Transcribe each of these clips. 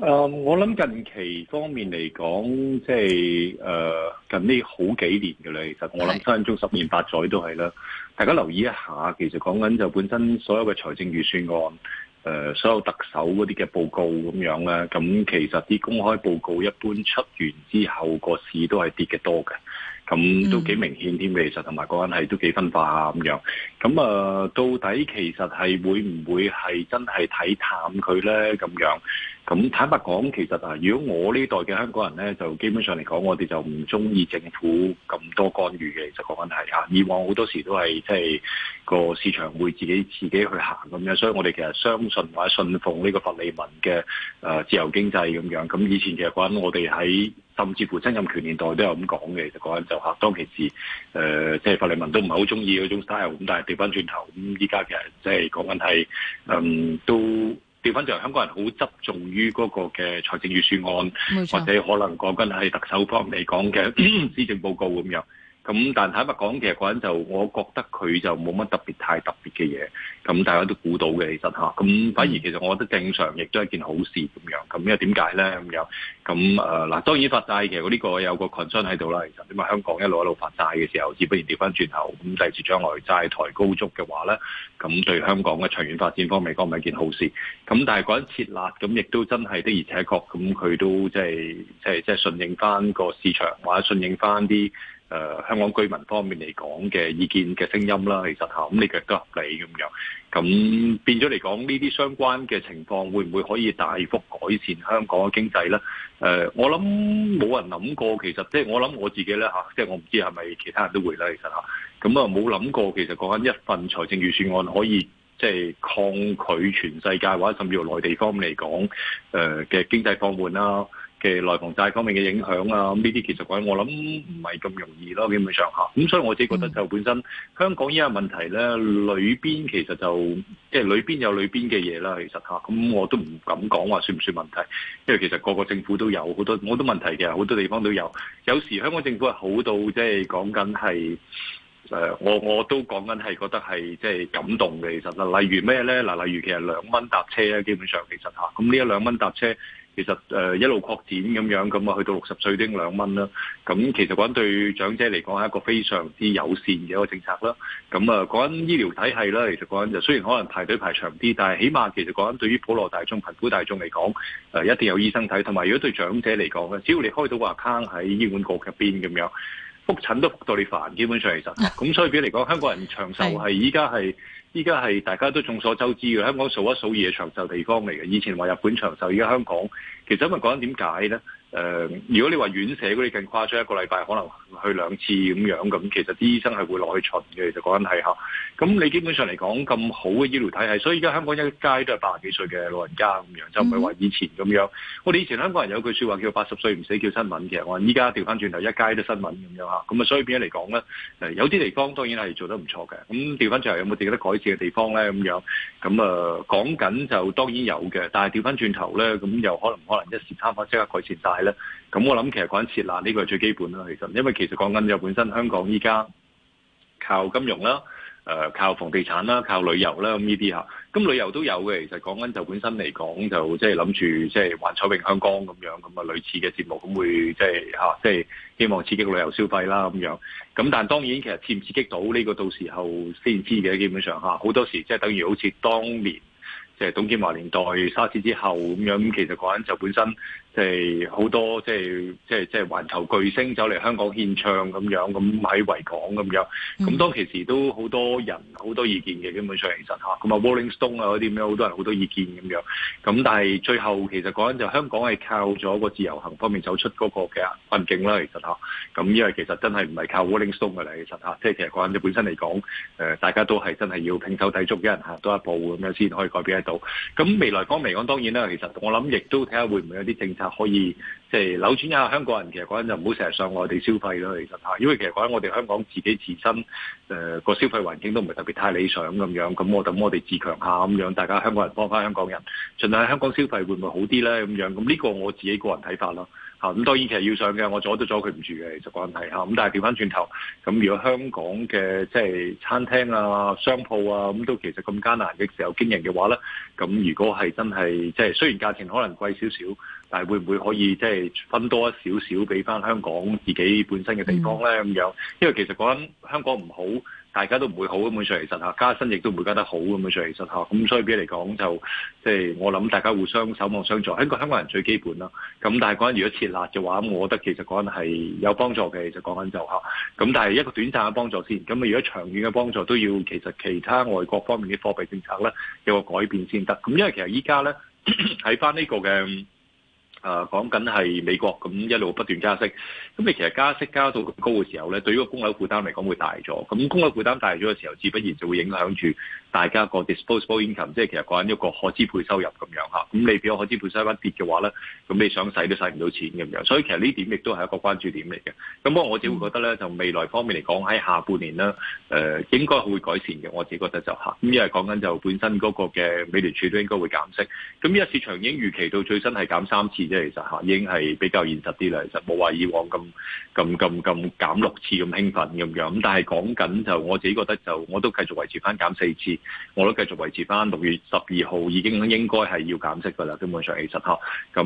誒、um,，我諗近期方面嚟講，即係誒、呃、近呢好幾年嘅喇。其實我諗，三係中十年八載都係啦。大家留意一下，其實講緊就本身所有嘅財政預算案，誒、呃，所有特首嗰啲嘅報告咁樣啦。咁其實啲公開報告一般出完之後，個市都係跌嘅多嘅。咁都幾明顯添，其實同埋嗰陣係都幾分化下咁樣。咁啊，到底其實係會唔會係真係睇淡佢咧？咁樣？咁、嗯、坦白講，其實啊，如果我呢代嘅香港人咧，就基本上嚟講，我哋就唔中意政府咁多干預嘅。其實講緊係以往好多時都係即係個市場會自己自己去行咁樣，所以我哋其實相信或者信奉呢個佛利民嘅誒自由經濟咁樣。咁、嗯、以前其實講緊，我哋喺甚至乎曾蔭權年代都有咁講嘅。其實講緊就嚇當其時誒、呃，即係佛利民都唔係好中意嗰種 style。咁但係掉翻轉頭，咁依家其實即係講緊係都。調翻，就香港人好側重於嗰個嘅財政預算案，或者可能講緊係特首方嚟講嘅施政報告咁樣。咁但坦白講，其實嗰陣就，我覺得佢就冇乜特別太特別嘅嘢，咁大家都估到嘅，其實嚇。咁反而其實我覺得正常，亦都係一件好事咁樣。咁因為點解咧咁樣？咁誒嗱，當然發債嘅呢個有個群春喺度啦。其實點解香港一路一路發債嘅時候，至不如調翻轉頭咁第二次將來債台高築嘅話咧，咁對香港嘅長遠發展方面講唔係一件好事。咁但係嗰陣撤辣，咁亦都真係的，的而且確咁，佢都即係即係即係順應翻個市場，或者順應翻啲。誒、呃、香港居民方面嚟講嘅意見嘅聲音啦，其實嚇咁、啊、你覺得合理咁樣，咁變咗嚟講呢啲相關嘅情況會唔會可以大幅改善香港嘅經濟咧？誒、呃，我諗冇人諗過，其實即係我諗我自己咧嚇、啊，即係我唔知係咪其他人都會啦。其實嚇咁啊冇諗過，其實講緊一份財政預算案可以即係抗拒全世界或者甚至乎內地方嚟講誒嘅經濟放緩啦。嘅內房債方面嘅影響啊，咁呢啲其實我諗唔係咁容易咯，基本上嚇。咁所以我自己覺得就本身香港依個問題咧，裏邊其實就即係裏邊有裏邊嘅嘢啦。其實嚇，咁我都唔敢講話算唔算問題，因為其實各個政府都有好多好多問題嘅，好多地方都有。有時香港政府係好到即係講緊係誒，我我都講緊係覺得係即係感動嘅。其實嗱，例如咩咧嗱，例如其實兩蚊搭車咧，基本上其實嚇，咁呢一兩蚊搭車。其實誒、呃、一路擴展咁樣，咁啊去到六十歲都兩蚊啦。咁其實講對長者嚟講係一個非常之友善嘅一個政策啦。咁啊講緊醫療體系啦，其實講緊就雖然可能排隊排長啲，但係起碼其實講緊對於普羅大眾、貧苦大眾嚟講，呃，一定有醫生睇。同埋如果對長者嚟講咧，只要你開到個 account 喺醫管局入邊咁樣，覆診都覆到你煩，基本上其實，咁所以俾嚟講，香港人長壽係依家係依家係大家都眾所周知嘅，香港數一數二嘅長壽地方嚟嘅。以前話日本長壽，而家香港其實咁咪講緊點解咧？誒、呃，如果你話院舍嗰啲，更誇張一個禮拜可能去兩次咁樣，咁其實啲醫生係會落去巡嘅，其實講緊係嚇。咁你基本上嚟講咁好嘅醫療體系，所以而家香港一街都係八十幾歲嘅老人家咁樣，就唔係話以前咁樣。我哋以前香港人有句説話叫八十歲唔死叫新聞嘅，我依家調翻轉頭一街都新聞咁樣嚇。咁啊，所以變咗嚟講咧，有啲地方當然係做得唔錯嘅。咁調翻轉頭有冇自己覺得改善嘅地方咧？咁樣咁啊，講緊就當然有嘅，但係調翻轉頭咧，咁又可能可能一時三刻即刻改善係啦，咁我諗其實講緊設立呢個係最基本啦，其實，因為其實講緊就本身香港依家靠金融啦，誒、呃、靠房地產啦，靠旅遊啦，咁呢啲吓，咁旅遊都有嘅。其實講緊就本身嚟講，就即係諗住即係幻彩詠香江咁樣，咁啊類似嘅節目，咁會即係吓，即、就、係、是啊就是、希望刺激旅遊消費啦，咁樣。咁但當當然，其實刺唔刺激到呢個到時候先知嘅，基本上吓，好多時即係、就是、等於好似當年即係、就是、董建華年代沙士之後咁樣，咁其實講緊就本身。即係好多即係即係即係環球巨星走嚟香港獻唱咁樣，咁喺維港咁樣，咁當其時都好多人好多意見嘅。基本上其實咁啊 Wallis e 啊嗰啲咩，好、嗯、多人好多意見咁樣。咁但係最後其實嗰陣就香港係靠咗個自由行方面走出嗰個嘅困境啦。其實嚇，咁因為其實真係唔係靠 Wallis 通嘅嚟，其實嚇，即係其實嗰陣就本身嚟講、呃，大家都係真係要拼手底足，俾人行多一步咁樣先可以改變得到。咁未來方嚟講，當然啦，其實我諗亦都睇下會唔會有啲政策。可以即係扭轉一下香港人其，其實嗰陣就唔好成日上外地消費咯。其實嚇，因為其實講緊我哋香港自己自身誒個、呃、消費環境都唔係特別太理想咁樣。咁我等我哋自強一下咁樣，大家香港人幫翻香港人，盡量喺香港消費會唔會好啲咧咁樣？咁呢個我自己個人睇法咯咁。啊、當然其實要上嘅，我阻都阻佢唔住嘅，其實關係嚇。咁但係調翻轉頭，咁如果香港嘅即係餐廳啊、商鋪啊咁都其實咁艱難嘅時候經營嘅話咧，咁如果係真係即係雖然價錢可能貴少少。但係會唔會可以即係分多少少俾翻香港自己本身嘅地方咧？咁、嗯、樣，因為其實講緊香港唔好，大家都唔會好咁樣。上其實嚇加薪亦都唔會加得好咁樣。上其實嚇咁所以比，比你嚟講就即、是、係我諗，大家互相守望相助，一個香港人最基本啦。咁但係講緊如果撤辣嘅話，我覺得其實講緊係有幫助嘅，其實就講緊就下，咁但係一個短暫嘅幫助先。咁如果長遠嘅幫助都要，其實其他外國方面嘅貨幣政策咧有個改變先得。咁因為其實依家咧睇翻呢 個嘅。誒、啊、講緊係美國咁一路不斷加息，咁你其實加息加到咁高嘅時候咧，對於個供樓負擔嚟講會大咗，咁供樓負擔大咗嘅時候，自不然就會影響住。大家個 Disposable Income 即係其實講緊一個可支配收入咁樣吓，咁你畀我可支配收入一跌嘅話咧，咁你想使都使唔到錢咁樣，所以其實呢點亦都係一個關注點嚟嘅。咁不過我自己會覺得咧，就未來方面嚟講喺下半年咧，誒、呃、應該會改善嘅。我自己覺得就吓、是，咁因為講緊就本身嗰個嘅美聯儲都應該會減息。咁呢家市場已經預期到最新係減三次啫，其實吓已經係比較現實啲啦。其實冇話以往咁咁咁咁減六次咁興奮咁樣，但係講緊就是、我自己覺得就我都繼續維持翻減四次。我都繼續維持翻六月十二號已經應該係要減息㗎啦，基本上其實嚇，咁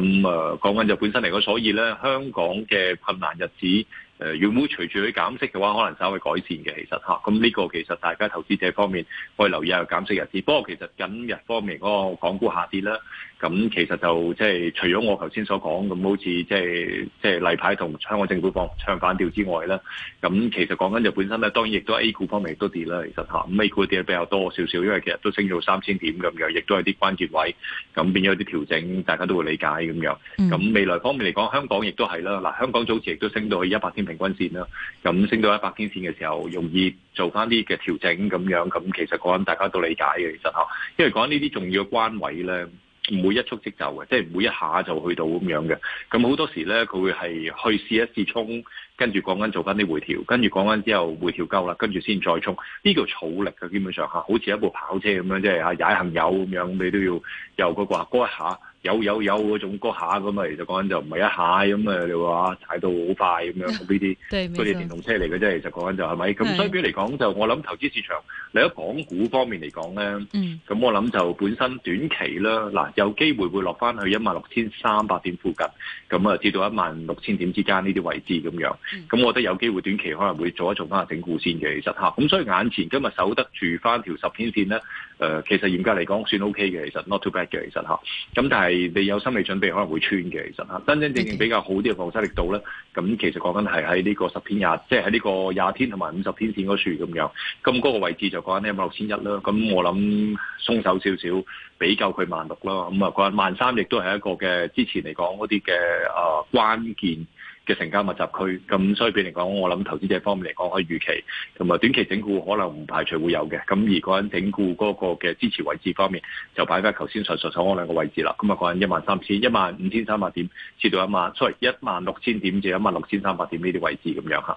講緊就本身嚟講，所以咧香港嘅困難日子、呃、要會唔會隨住佢減息嘅話，可能稍微改善嘅其實嚇，咁呢個其實大家投資者方面可以留意一下減息日子。不過其實近日方面嗰個港股下跌啦。咁其實就即係除咗我頭先所講咁，好似即係即係例牌同香港政府放唱反調之外啦。咁其實講緊就本身咧，當然亦都 A 股方面都跌啦，其實嚇咁 A 股跌比較多少少，因為其實都升到三千點咁樣，亦都係啲關鍵位，咁變咗啲調整，大家都會理解咁樣。咁、mm. 未來方面嚟講，香港亦都係啦，嗱香港早期亦都升到去一百天平均線啦，咁升到一百天線嘅時候，容易做翻啲嘅調整咁樣，咁其實講緊大家都理解嘅，其實因為講緊呢啲重要關位咧。唔會一促即就嘅，即係會一下就去到咁樣嘅，咁好多時咧，佢會係去試一試衝跟住講緊做翻啲回調，跟住講緊之後回調夠啦，跟住先再衝呢、這個草力嘅基本上好似一部跑車咁樣，即係嚇踩行有咁樣，你都要由、那個個阿一下。有有有嗰種嗰下咁啊，其實講緊就唔係一下咁啊，你話踩到好快咁樣呢啲，都係 電動車嚟嘅啫。其實講緊就係咪？咁所以嚟講就我諗投資市場你喺港股方面嚟講咧，咁、嗯、我諗就本身短期啦，嗱有機會會落翻去一萬六千三百點附近，咁啊，至到一萬六千點之間呢啲位置咁樣。咁、嗯、我覺得有機會短期可能會做一做翻整固線嘅，其實吓，咁所以眼前今日守得住翻條十天線咧，誒、呃，其實嚴格嚟講算 OK 嘅，其實 not too bad 嘅，其實吓。咁但係，你有心理準備可能會穿嘅，其實嚇真真正正比較好啲嘅防守力度咧，咁其實講緊係喺呢個十天廿，即係喺呢個廿天同埋五十天線嗰處咁樣，咁嗰個位置就講緊有冇六千一啦。咁我諗鬆手少少，比夠佢萬六啦。咁啊，講緊萬三亦都係一個嘅之前嚟講嗰啲嘅啊關鍵。嘅成交密集區，咁所以嚟講，我諗投資者方面嚟講，可以預期同埋短期整固可能唔排除會有嘅。咁而個人整固嗰個嘅支持位置方面，就擺翻頭先上述所安兩個位置啦，咁啊講緊一萬三千、一萬五千三百點，至到一萬，出一萬六千點至一萬六千三百點呢啲位置咁樣。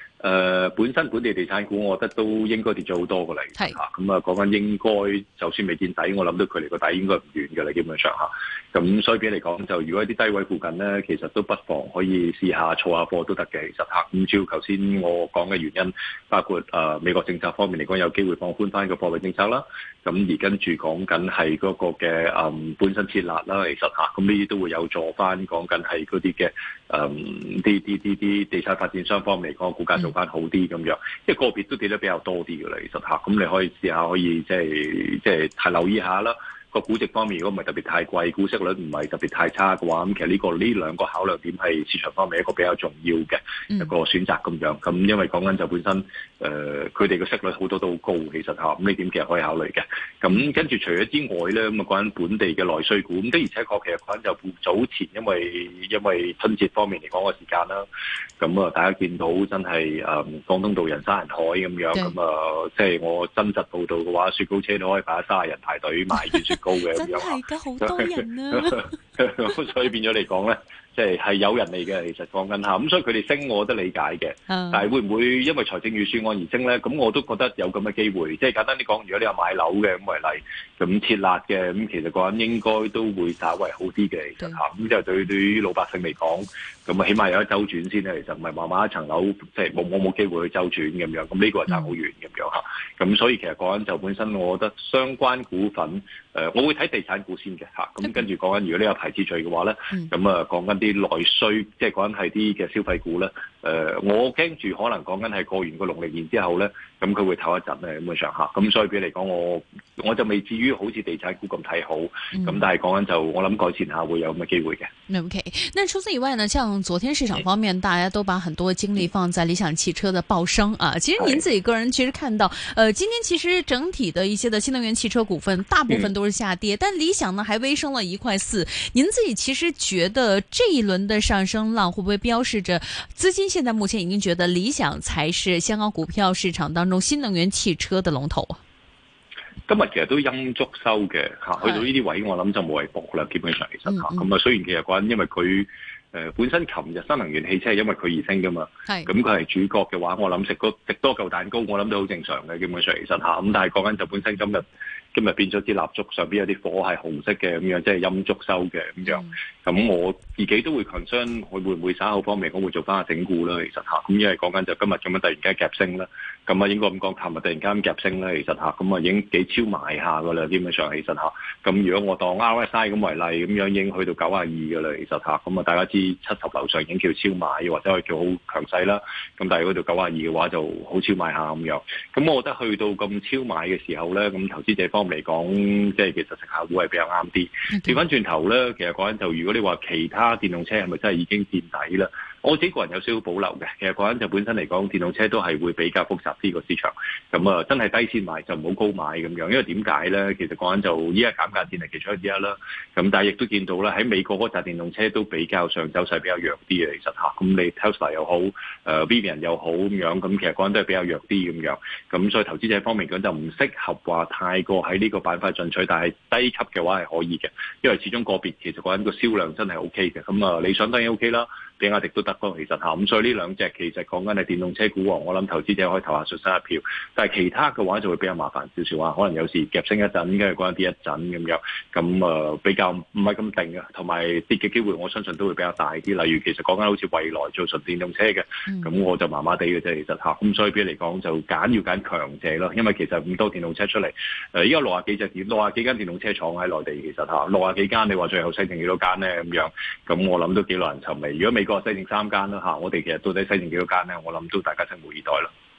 誒、呃、本身本地地產股，我覺得都應該跌咗好多㗎啦。係啊，咁啊講緊應該就算未見底，我諗到佢離個底應該唔遠㗎啦，基本上吓。啊咁所以，比嚟講就，如果啲低位附近咧，其實都不妨可以試下儲下貨都得嘅。其實吓，咁照頭先我講嘅原因，包括誒、呃、美國政策方面嚟講，有機會放寬翻個貨幣政策啦。咁而跟住講緊係嗰個嘅誒、嗯、本身設立啦。其實嚇，咁呢啲都會有助翻講緊係嗰啲嘅誒啲啲啲啲地產發展商方面嚟講，股價做翻好啲咁樣。即係個別都跌得比較多啲嘅啦。其實嚇，咁你可以試下可以即係即係係留意下啦。個估值方面，如果唔係特別太貴，股息率唔係特別太差嘅話，咁其實呢、呢個呢兩個考量點係市場方面一個比較重要嘅一個選擇咁樣。咁、嗯、因為講緊就本身，誒佢哋嘅息率好多都好高，其實嚇咁呢點其實可以考慮嘅。咁跟住除咗之外咧，咁啊講緊本地嘅內需股，咁跟住而且確其實講緊就早前因，因為因為春節方面嚟講嘅時間啦，咁啊大家見到真係誒廣東道人山人海咁樣，咁啊、嗯嗯、即係我真實報道嘅話，雪糕車都可以擺喺沙人排隊買雪糕。 高嘅真係噶，好多人啊， 所以變咗嚟講咧。 即係係有人嚟嘅，其實講緊嚇，咁所以佢哋升，我都理解嘅。Uh, 但係會唔會因為財政預算案而升咧？咁我都覺得有咁嘅機會。即係簡單啲講，如果你有買樓嘅咁為例，咁撤辣嘅咁，其實講應該都會稍為好啲嘅其實嚇。咁即係對、啊就係、對於老百姓嚟講，咁啊起碼有一周轉先咧。其實唔係話買一層樓，即係冇我冇機會去周轉咁、mm. 樣。咁呢個係差好遠咁樣嚇。咁所以其實講緊就本身，我覺得相關股份，誒、呃，我會睇地產股先嘅嚇。咁跟住講緊，如果你有排資取嘅話咧，咁、mm. 啊講緊。啲內需即係講緊係啲嘅消費股咧，誒、呃，我驚住可能講緊係過完個農曆年之後咧，咁佢會唞一陣咧咁嘅上下，咁所以俾嚟講我我就未至於好似地產股咁睇好，咁但係講緊就我諗改善下會有咁嘅機會嘅。OK，那除此以外呢？像昨天市場方面，大家都把很多精力放在理想汽車的爆升啊。其實您自己個人其實看到，誒、呃，今天其實整體的一些的新能源汽車股份大部分都是下跌，嗯、但理想呢，還微升了一塊四。您自己其實覺得這個一輪的上升浪會不會標示着資金現在目前已經覺得理想才是香港股票市場當中新能源汽車的龍頭啊？今日其實都陰燭收嘅吓，去到呢啲位我諗就冇位博啦，基本上其實吓咁啊。雖然其實講緊，因為佢誒、呃、本身尋日新能源汽車係因為佢而升噶嘛，咁佢係主角嘅話，我諗食多食多嚿蛋糕，我諗都好正常嘅。基本上其實吓咁，但係講緊就本身今日。嗯今日變咗啲蠟燭，上邊有啲火係紅色嘅咁樣，即係陰燭收嘅咁樣。咁、嗯、我自己都會 concern，會唔會稍後方面我會做翻個整固啦。其實嚇，咁因為講緊就今日咁樣突然間夾升啦，咁啊應該咁講，尋日突然間夾升啦，其實嚇，咁啊已經幾超買下噶啦，基本上其實嚇。咁如果我當 RSI 咁為例，咁樣已經去到九廿二噶啦，其實嚇。咁啊大家知七十樓上已經叫超買，或者係叫好強勢啦。咁但係嗰度九廿二嘅話就，就好超買下咁樣。咁我覺得去到咁超買嘅時候咧，咁投資者嚟講，即係其實成效會係比較啱啲。調翻轉頭咧，其實講緊就，如果你話其他電動車係咪真係已經墊底啦？我自己個人有少少保留嘅，其實講緊就本身嚟講，電動車都係會比較複雜啲個市場，咁啊，真係低先買就唔好高買咁樣，因為點解咧？其實講緊就依家減價戰係其中一啲啦，咁但係亦都見到咧喺美國嗰紮電動車都比較上走勢比較弱啲嘅，其實吓，咁你 Tesla 又好，呃，Rivian 又好咁樣，咁其實講緊都係比較弱啲咁樣，咁所以投資者方面講就唔適合話太過喺呢個板塊進取，但係低級嘅話係可以嘅，因為始終個別其實講緊個銷量真係 O K 嘅，咁啊理想當然 OK 啦。比亞迪亦都得㗎，其實咁所以呢兩隻其實講緊係電動車股喎，我諗投資者可以投下錫心一票，但係其他嘅話就會比較麻煩少少啊，可能有時夾升一陣，應該係講一跌一陣咁樣，咁啊、呃、比較唔係咁定嘅，同埋跌嘅機會，我相信都會比較大啲。例如其實講緊好似未來做純電動車嘅，咁、mm. 我就麻麻地嘅啫。其實嚇，咁所以比嚟講就揀要揀強者咯，因為其實唔多電動車出嚟，誒依家六廿幾隻六廿幾間電動車廠喺內地其實嚇，六廿幾間你話最後剩剩幾多間咧咁樣？咁我諗都幾耐人尋味。如果美個西城三間啦吓，我哋其實到底西城幾多間咧？我諗都大家拭目以待啦。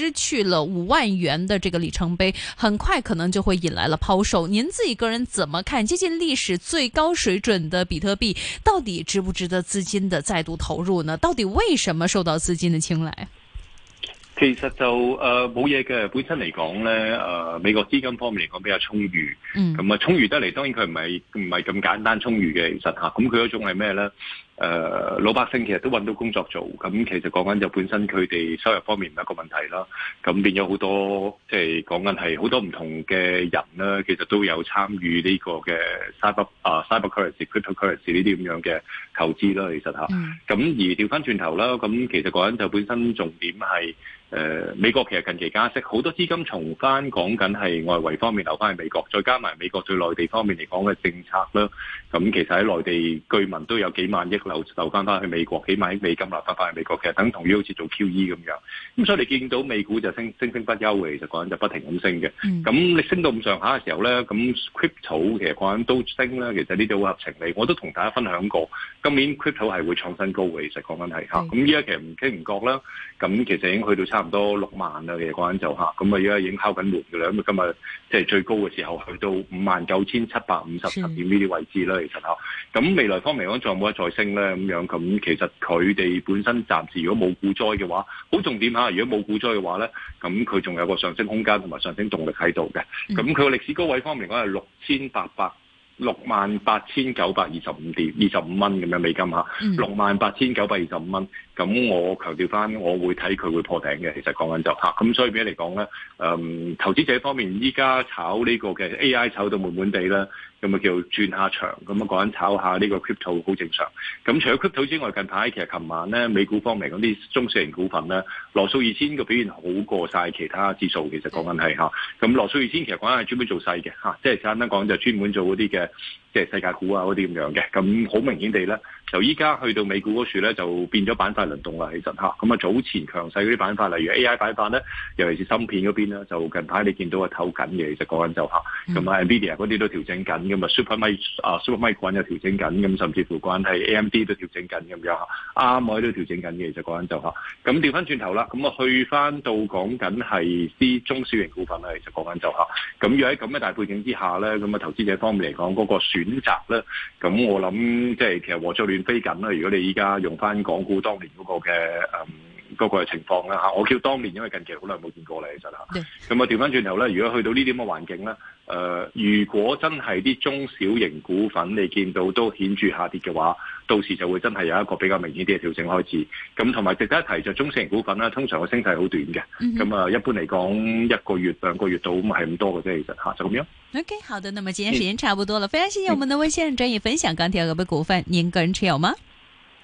失去了五萬元的這個里程碑，很快可能就會引來了拋售。您自己個人怎麼看，接近歷史最高水準的比特幣，到底值不值得資金的再度投入呢？到底為什麼受到資金的青睞？其實就呃冇嘢嘅，本身嚟講呢，呃美國資金方面嚟講比較充裕，嗯，咁啊充裕得嚟，當然佢唔係唔係咁簡單充裕嘅，其實吓，咁佢嗰種係咩呢？誒、呃、老百姓其實都揾到工作做，咁其實講緊就本身佢哋收入方面唔係一個問題啦，咁變咗好多，即係講緊係好多唔同嘅人啦，其實都有參與呢個嘅 cyber 啊、uh，cyber currency、crypto currency 呢啲咁樣嘅投資啦，其實吓，咁而掉翻轉頭啦，咁其實講緊就本身重點係。誒、呃、美國其實近期加息，好多資金從翻講緊係外圍方面流翻去美國，再加埋美國對內地方面嚟講嘅政策啦，咁其實喺內地居民都有幾萬億流返翻翻去美國，幾萬億美金流翻翻去美國，其實等同於好似做 QE 咁樣。咁所以你見到美股就升，升升不休嘅，其實講緊就不停咁升嘅。咁你升到咁上下嘅時候咧，咁 Crypto 其實講緊都升啦，其實呢啲好合情理。我都同大家分享過，今年 Crypto 係會創新高嘅，其實講緊係嚇。咁依家其實唔經唔覺啦，咁其實已經去到差。 差唔多六萬啦，講緊就嚇，咁啊而家已經敲緊門嘅啦，咁啊今日即係最高嘅時候去到五萬九千七百五十點呢啲位置啦，其實嚇。咁未來方面講，仲有冇得再升咧？咁樣咁其實佢哋本身暫時如果冇股災嘅話，好重點嚇，如果冇股災嘅話咧，咁佢仲有個上升空間同埋上升動力喺度嘅。咁佢個歷史高位方面講係六千八百。六萬八千九百二十五點二十五蚊咁樣美金下，六萬八千九百二十五蚊。咁我強調翻，我會睇佢會破頂嘅。其實講緊就吓，咁所以俾你嚟講咧，誒、嗯、投資者方面依家炒呢個嘅 A.I. 炒到滿滿地啦，咁咪叫做轉下場，咁樣講緊炒下呢個 crypto 好正常。咁除咗 crypto 之外，近排其實琴晚咧美股方面嗰啲中小型股份咧，羅素二千個表現好過晒其他指數。其實講緊係嚇。咁羅素二千其實講緊係專門做細嘅，即係簡單講就專門做嗰啲嘅。即係世界股啊嗰啲咁樣嘅，咁好明顯地咧。就依家去到美股嗰處咧，就變咗板塊輪動啦。其實嚇，咁啊早前強勢嗰啲板塊，例如 AI 板塊咧，尤其是芯片嗰邊咧，就近排你見到啊透緊嘅。其實講緊就嚇，咁啊 Nvidia 嗰啲都調整緊，咁 Super 啊 Supermicro 啊 Supermicro 調整緊，咁甚至乎關係 AMD 都調整緊咁樣嚇，啱我 m 都調整緊嘅。其實講緊就嚇，咁調翻轉頭啦，咁啊去翻到講緊係啲中小型股份啦。其實講緊就嚇，咁要喺咁嘅大背景之下咧，咁啊投資者方面嚟講嗰個選擇咧，咁我諗即係其實和錯飛緊啦！如果你依家用翻港股當年嗰個嘅誒。各、那個情況啦嚇，我叫當年，因為近期好耐冇見過咧，其實嚇。咁啊調翻轉頭咧，如果去到呢啲咁嘅環境咧，誒、呃，如果真係啲中小型股份你見到都顯著下跌嘅話，到時就會真係有一個比較明顯啲嘅調整開始。咁同埋值得一提就中小型股份啦，通常個升勢好短嘅。咁、嗯、啊，一般嚟講一個月兩個月到，咁係咁多嘅啫，其實嚇就咁樣。OK，好的，那麼今天時間差唔多了，嗯、非常謝謝我們的溫先生專業分享。鋼鐵嘅股份、嗯，您個人持有嗎？